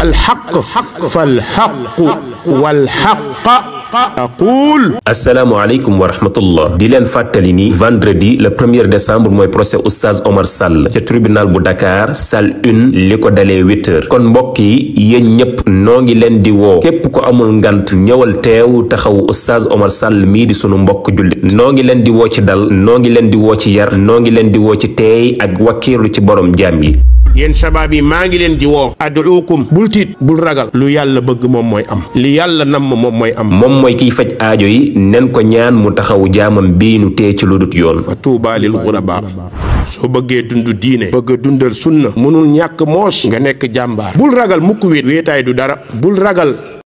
alxaq falxaqu walxaqa aqul asalaamaaleykum wa rahmatullah di leen fàttali ni vendredi le premier decembre mooy procès oustaz Omar Sall ca tribunal bu Dakar salle une li ko dale huit kon mbokk yi yéen ñépp noo ngi leen di woo képp ko amul ngant ñëwal teew taxawu oustaz Omar Sall mii di sunu mbokk jullit noo ngi leen di woo ci dal noo ngi leen di woo ci yar noo ngi leen di woo ci teey ak wakkiirlu ci borom jaam yi yéen sabaab yi maa ngi leen di woo aduukum bul tiit bul ragal lu yàlla bëgg moom mooy am li yàlla namm moom mooy am moom mooy kiy faj aajo yi nen ko ñaan mu taxawu jaamam bii nu tee ci lu dut yoon fa tuubaa lil ghurabaa soo bëggee dund diine bëgg a dundal sunna mënul ñàkk moos nga nekk jàmbaar bul ragal mukk wéet wéetaay du dara bul ragal